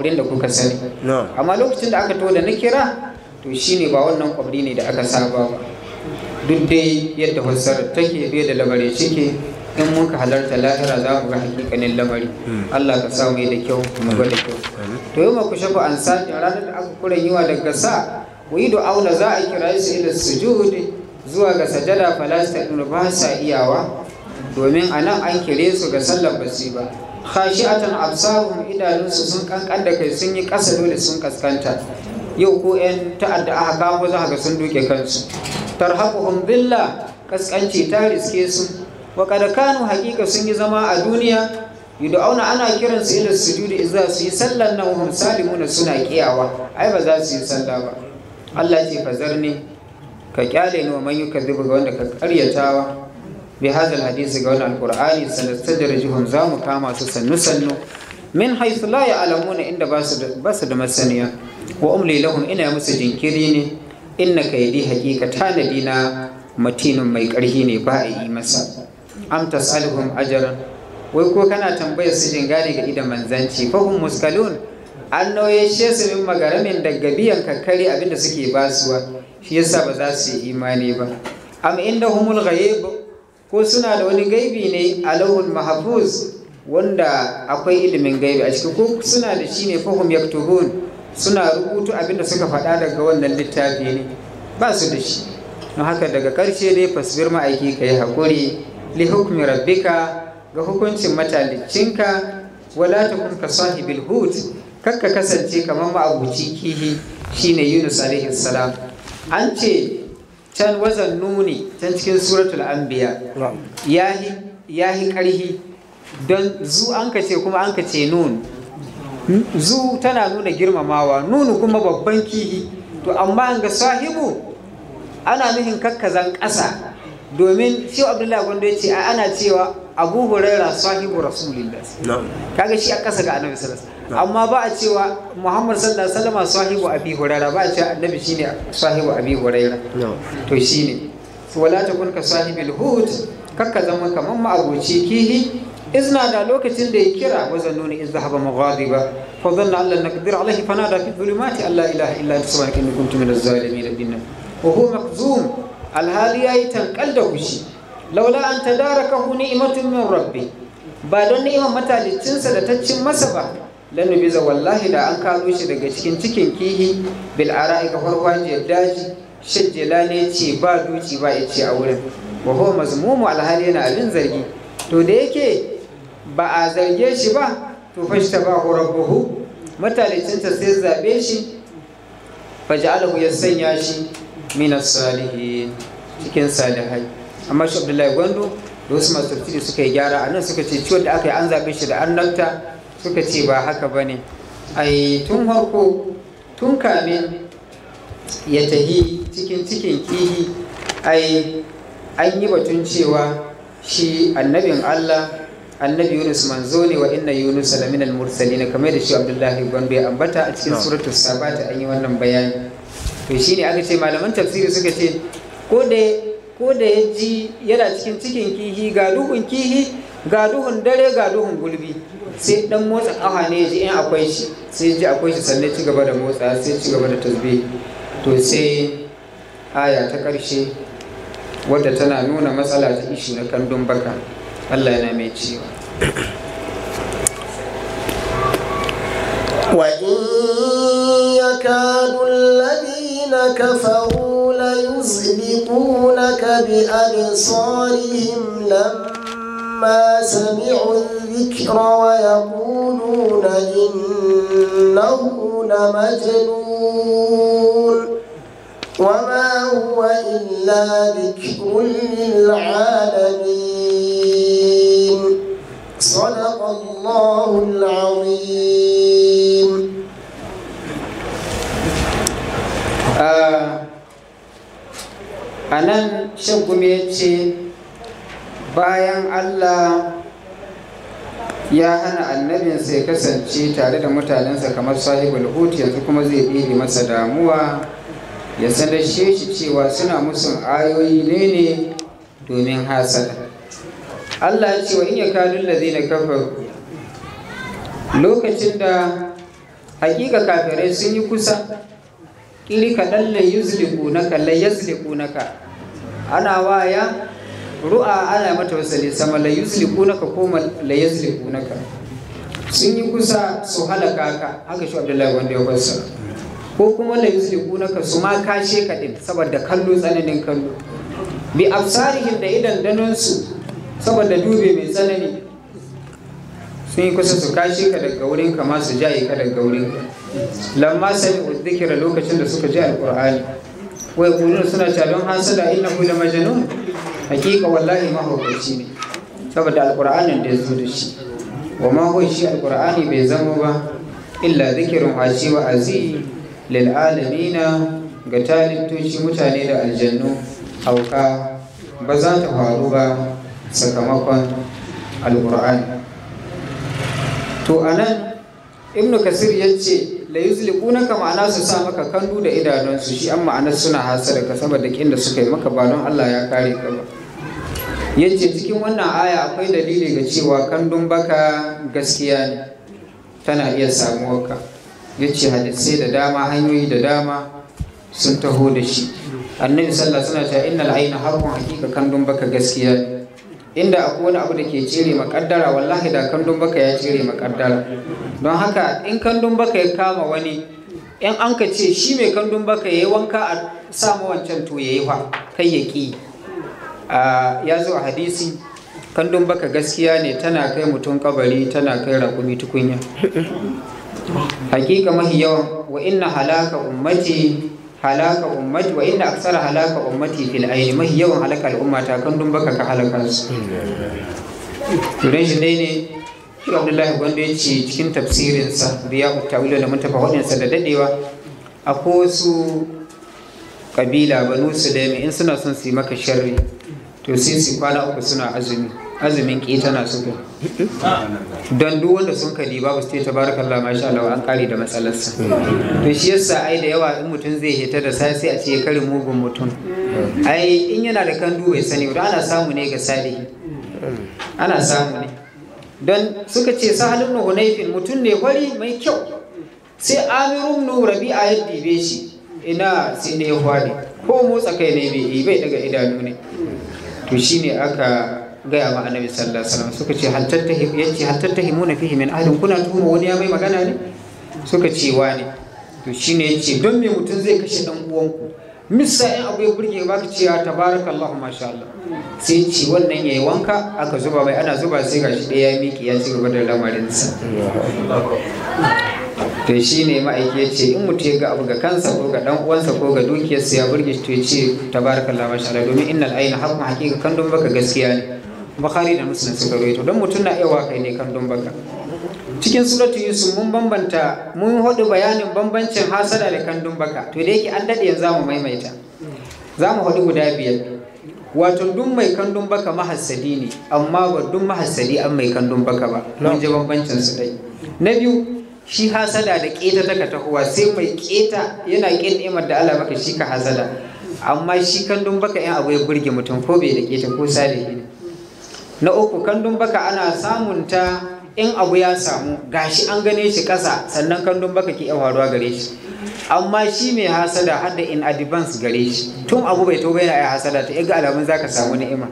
kwabrin da kuka sani amma lokacin da aka to da na kira to shine ba wannan kwabri ne da aka saba ba duk dai yadda fassar take bai da labari cike in muka halarta lahira za mu ga hakikanin lamari hmm. Allah ka sa mai da kyau kuma ga da kyau hmm. to yau ma ku shafa an sani ranar da aka yi yiwa daga sa wai da auna za a kira su ila sujudi zuwa ga sajada falasta ba sa iyawa domin a nan an kire su ga sallar basira khashi'atan absarun idanunsu sun kankan da kai sun yi ƙasa dole sun kaskanta yau ko 'yan ta'adda aka kamo za ga sun duke kansu tarhaquhum dhilla kaskanci ta riske su wa kad kanu haqiqa sun yi zama a duniya yud'auna ana kiran su ila sujudi idza su yi sallan nan hum salimuna suna kiyawa ai ba za su yi sallah ba Allah ce fazarni ka kyale ni wa man yukadibu ga wanda ka karyatawa bi hadal hadisi ga wannan alqur'ani sanastadrijuhum za mu kama su sannu sannu min haythu la ya'lamuna inda ba da masaniya wa umli ina musu jinkiri ne inna kaydi haqiqa tanadi na matinin mai ƙarfi ne ba a yi masa am tas'aluhum ajran wai ko kana tambayar su jingari ga idan manzanci fahum muskalun an nauye she su min magaramin daga biyan kakkari abinda suke basuwa shi yasa ba za su yi imani ba am inda humul ghaib ko suna da wani gaibi ne a lauhul mahafuz wanda akwai ilimin gaibi a cikin ko suna da shi ne fahim yaktuhun suna rubutu abinda suka faɗa daga wannan littafi ne ba su da shi don haka daga ƙarshe dai fasbir ma'aiki ka yi haƙuri li hukmi rabbika ga hukuncin matalicinka wala kun ka sahibil hut kakka kasance kamar ma'abuci kihi shine yunus alaihi salam an ce can wazan nuni can cikin suratul anbiya ya yi ƙarhi don zu an ka ce kuma an ka ce nun hmm? zu tana nuna girmamawa nunu kuma babban kihi to amma ga sahibu ana nuhin kakkazan ƙasa domin shi abdullahi gwando ya ce ana cewa abu huraira sahibu rasulillah kaga shi a ƙasa ga annabi sallallahu amma ba a cewa muhammad sallallahu alaihi wasallam sahibu abi huraira ba a cewa annabi shine sahibu abi huraira to shine wala ta kun ka sahibil hud kakka zama kamar ma'aboci kihi izna da lokacin da ya kira wazan nuna iz zahaba maghadiba fa dhanna an lan naqdir alayhi fa nada fi dhulumati alla ilaha illa anta subhanaka inni kuntu minaz zalimin dinna wa huwa maqzum alhali yayi tankal da kushi laula an tadarakahu ni'matun min rabbi ba don ni'imar matalicinsa da ta cin masa ba lannu biza wallahi da an kano shi daga cikin cikin kihi bil ara'i ka je daji shajjala ne ce ba duci ba ya ce a wurin wa huwa mazmumu alhali yana abin zargi to da yake ba a zarge shi ba to fa shi tabahu rabbuhu ta sai zabe shi fa ja'alahu ya sanya shi min salihin cikin salihai amma shi Abdullahi Gwando da wasu masu tafsiri suka yi gyara a nan suka ce ciwon da aka yi an zabe shi da annabta suka ce ba haka ba ne ai tun harko tun kamin ya tahi cikin cikin kihi ai an yi batun cewa shi annabin Allah annabi Yunus manzo ne wa inna Yunus lamin al-mursalin kamar da shi Abdullahi Gombe ambata a cikin suratul Sabata an yi wannan bayani to shine aka ce malaman tafsiri suka ce ko da ko da ya ji yana cikin cikin kihi ga duhun kihi ga duhun dare ga duhun gulbi sai dan motsa kafa ne ji in akwai shi sai ji akwai shi sannan ci gaba da motsa sai ci gaba da tasbih to sai aya ta karshe wadda tana nuna matsala ta ishi na kandun baka Allah yana mai cewa وإن يكاد الذين كفروا bi absarihim lam لما سمعوا الذكر ويقولون إنه لمجنون وما هو إلا ذكر للعالمين صدق الله العظيم آه. أنا شكرا bayan Allah ya hana annabinsa ya kasance tare da mutanensa kamar sahibul hut yanzu kuma zai ɗiri masa damuwa ya sanar shi cewa suna musun ayoyi ne ne domin hasada Allah ya ce wa iya kalun da zai na kafaru lokacin da hakika kafirai sun yi kusa ƙiri kaɗan na ka la na ka ana waya ru'a ana mata wasali sama la yuslikunaka ko la yuslikunaka sun yi kusa su halaka ka haka shi Abdullahi wanda ya kwasa ko kuma la yuslikunaka su ma kashe ka din saboda kallo tsananin kallo bi absarihim da idan danon su saboda dube mai tsanani sun yi kusa su kashe ka daga wurin ka ma su jaye ka daga wurin ka lamma sami zikira lokacin da suka ji alqur'ani wai gudun suna cewa don hasada innahu la majnun hakika wallahi mahaukaci ne saboda alƙur'anin da ya zo da shi wa ma shi alƙur'ani bai zama ba illa zikirin hashi wa azi lil alamina ga talittoci mutane da aljannu hauka ba za ta faru ba sakamakon alƙur'ani to anan ibnu kasir ya ce la yuzliquna ka ma'ana su sa maka kandu da idanunsu shi an ma'anar suna hasada ka saboda kin da suka yi maka ba don Allah ya kare ka ba ya ce cikin wannan aya akwai dalili ga cewa kandun baka gaskiya ne tana iya samuwarka ya ce hadisai da dama hanyoyi da dama sun taho da shi annabi sallallahu suna cewa innal aina harkun hakika kandun baka gaskiya ne inda akwai wani abu da ke cire makaddara wallahi da kandun baka ya cire makaddara don haka in kandun baka ya kama wani in an ka ce shi mai kandun baka ya yi wanka a sama wancan to ya yi fa kai ya ƙi ya zo a hadisi kandun baka gaskiya ne tana kai mutum kabari tana kai rakumi tukunya hakika mahi yawan wa inna halaka ummati halaka ummati wa inna aksar halaka ummati fil aini mahi yawan halaka al'ummata, kan baka ka halaka su turai shi dai ne shi abdullahi gwanda ya ce cikin tafsirinsa biya ta tawilo da mutafa waɗansa da daɗewa akwai wasu kabila banu sulaimi in suna son su yi maka sharri to sai su kwana uku suna azumi azumin ki tana suka don duk wanda sun kadi babu su ta baraka Allah masha Allah an kare da matsalarsa to shi yasa ai da yawa in mutum zai hita da sai sai a ce kare mugun mutum ai in yana da kandu bai sani ba ana samu ne ga salihi ana samu ne don suka ce sahal ibn hunayfin mutum ne kwari mai kyau sai amirun nu rabi'a ya dibe shi ina sai ya ne ko motsa kai ne bai bai daga idanu ne to shine aka gaya ma annabi sallallahu alaihi wasallam suka ce hal yace hal tattahimuna fihi min ahlin kuna tuhuma wani ya mai magana ne suka ce wani to shine yace don me mutum zai kashe dan uwanku misa in abu ya burge baka ce ya tabarakallahu masha Allah sai ce wannan yayi wanka aka zuba mai ana zuba sai gashi ɗaya ya miki, ya ci gaba da lamarin sa. to shi ne ma'aike ce in mutum ya ga abu ga kansa ko ga dan uwansa ko ga dukiyarsa ya burge shi to ya ce tabarakallah masha Allah domin innal ayna haqqun haqiqa kan don baka gaskiya ne bukhari da muslim suka rawaito don mutum na iya waka ne kan don baka cikin suratul yusuf mun bambanta mun hudu bayanin bambancin hasada da kandun baka to da yake an dade yanzu mu maimaita za mu hudu guda biyar wato dun mai kandun baka mahassadi ne amma ba dun mahassadi an mai kandun baka ba mun je bambancin su dai na biyu shi hasada da keta ta tahowa sai mai keta yana kin ni'imar da Allah maka shi ka hasada amma shi kandun baka yan abu ya burge mutum ko bai da keta ko sare ne na uku kandun baka ana samun ta in abu ya samu gashi an gane shi kasa sannan kandun baka ke faruwa gare shi amma shi mai hasada har da in advance gare shi tun abu bai to yana ya hasada ta ga alamun zaka samu ni'ima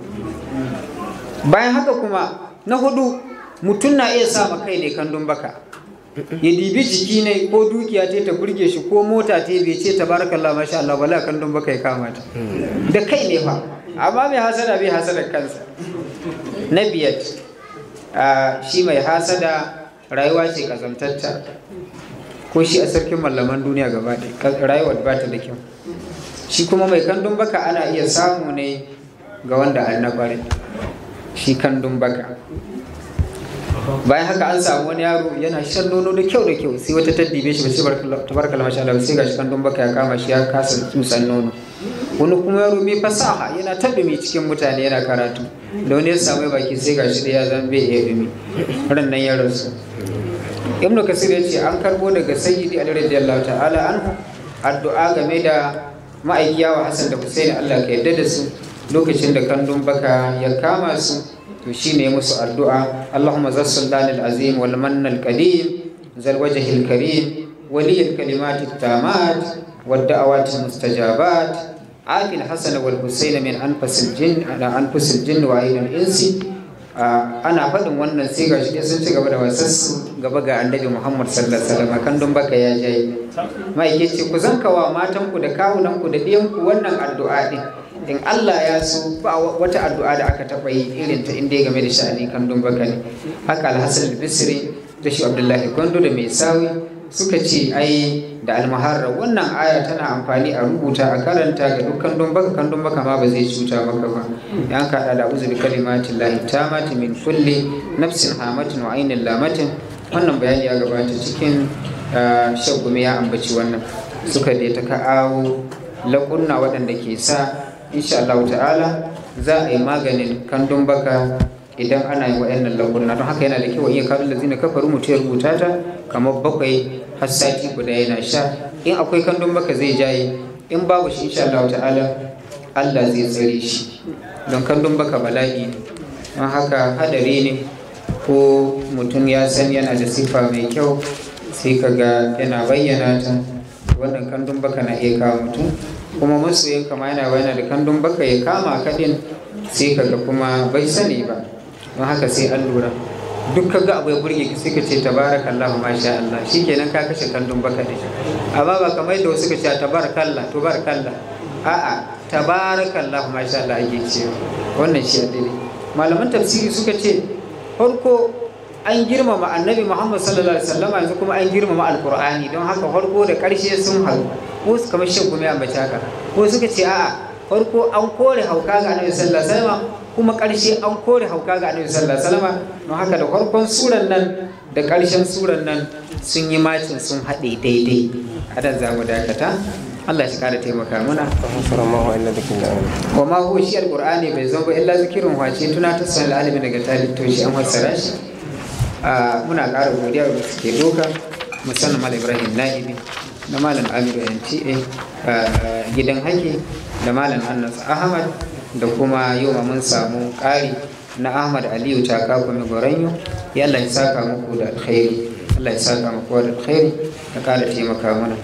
bayan haka kuma na hudu mutum na iya sa kai ne kandun baka ya dibi jiki ne ko dukiya ta ta burge shi ko mota ta bai ce tabarakallah masha Allah wala kan don baka kama ta da kai ne fa amma mai hasada bai hasada kansa na biyar shi mai hasada rayuwa ce kazamtatta ko shi a sarkin mallaman duniya gaba ɗaya rayuwar ba ta da kyau shi kuma mai kandun baka ana iya samu ne ga wanda an na shi kandun baka bayan haka an samu wani yaro yana shan nono da kyau da kyau sai wata ta dibe shi ba sai tabarkal masha Allah sai gashi kan baka ya kama shi ya kasa tsutsan nono wani kuma yaro mai fasaha yana ta dumi cikin mutane yana karatu da wani ya samu baki sai gashi da ya zan bai iya dumi ran nan ya rasu ibnu kasir ya ce an karbo daga sayyidi ali radiyallahu ta'ala anhu addu'a game da ma'aikiya wa hasan da husaini Allah ka yarda da su lokacin da kandun baka ya kama su to shi ne musu addu'a Allahumma zassuldan al-azim wal mann al-qadim zal waliyar al-karim wali al a at-tamat wad da'awat al min عافي الحسن والحسين من an الجن ana faɗin wannan sai gashi shi sun ci gaba da wasassu gaba ga annabi Muhammad sallallahu alaihi wasallam kan don baka ya jayi mai ce ku zan matan ku da kawunanku da biyanku wannan addu'a din in Allah ya su ba wata addu'a da aka taɓa yi irin ta inda game da sha'ani kandun baka ne haka alhassan bisri da shi abdullahi gondo da mai sawi suka ce ai da almaharra wannan aya tana amfani a rubuta a karanta ga duk kandun baka kandun baka ma ba zai cuta maka ba yan kaɗa da uzuri kalimatin lahi tamati min kulli nafsin hamatin wa ainin lamatin wannan bayani ya gabata cikin ah, shagumi ya ambaci wannan suka dai ta ka'awo laƙunna waɗanda ke sa insha Allah ta'ala za a yi maganin kandun baka idan ana yi wa'annan laguna don haka yana da kyau iya kafin zina kafaru mutum ya rubuta ta kamar bakwai har sati guda yana sha in akwai kandun baka zai jaye in babu shi insha Allah ta'ala Allah zai tsare shi don kandun baka bala'i ne don haka hadari ne ko mutum ya san yana da sifa mai kyau sai kaga yana bayyana ta wannan kandun baka na iya kawo mutum kuma masoyin kama yana bayana da kandun baka ya kama kaɗin sai kaga kuma bai sani ba don haka sai an lura duk ka ga abu ya burge ka sai ka ce Allah ma sha Allah Shi kenan ka kashe kandun baka ne amma ba kamar yadda wasu ka ce bar tabarakallah a'a Allah ma sha Allah ake cewa wannan shi ne malaman tafsiri suka ce farko an girmama annabi Muhammad sallallahu alaihi wasallam yanzu kuma an girmama alqur'ani don haka farko da ƙarshe sun haɗu wasu kamar shan kuma ambaci haka ko suka ce a'a farko an kore hauka ga annabi sallallahu alaihi wasallam kuma ƙarshe an kore hauka ga annabi sallallahu alaihi wasallam don haka da farkon suran nan da ƙarshen suran nan sun yi macin sun haɗe daidai adan za mu dakata Allah shi kara taimaka mana. Wa ma huwa shi alqur'ani bai zama illa zikirin wace tuna ta alaihi alimi daga talib to shi an fassara shi. Muna ƙara godiya ga suke doka musamman Mal Ibrahim Na'ibi na malam amiru a eh, gidan haki da malam annas ahmad da kuma yau mun samu ƙari na ahmad aliyu taka mai goranyo ya allah ya saka muku da alkhairi allah ya saka muku da alkhairi da ƙara taimaka mana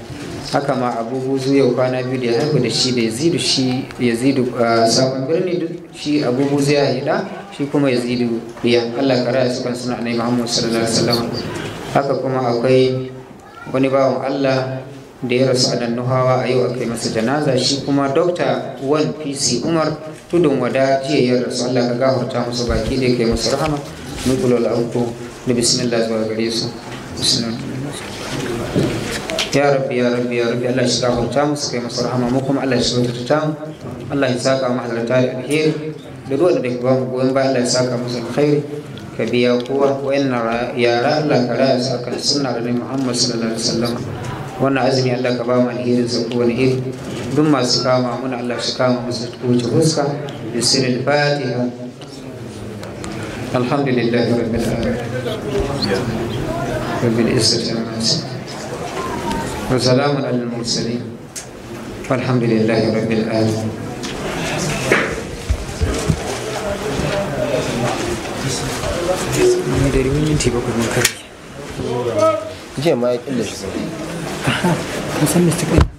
haka ma abubu yau kwana biyu da ya haifu da shi da yazidu shi yazidu ah, sabon birni duk shi abubu ya yi da shi kuma yazidu ya allah kara ya sukan suna annabi muhammad sallallahu alaihi wasallam haka kuma akwai wani bawan allah da ya rasu a nuhawa a yau a kai masa janaza shi kuma dokta 1 pc umar tudun wada jiya ya rasu allah ka gafarta musu baki da ya kai musu rahama nukula al'auto da bismillah zuwa gare su ya rabbi ya rabbi ya rabbi allah shi gafarta musu kai musu rahama mu kuma allah shi zauta ta mu allah ya saka mu halarta da alheri da ruwan da ba mu goyon bayan allah ya saka musu alkhairi ka biya kowa na yara allah ka raya saka suna da muhammad sallallahu alaihi wasallam wannan azumi Allah ka ba mu alherin sa ko wani iri duk masu kama muna Allah su kama musu kowace fuska da sirrin fatiha alhamdulillah rabbil alamin rabbil izzati amma wa salamun alal mursalin walhamdulillah rabbil alamin da Jiya ma ya ƙilla shi Você me segura.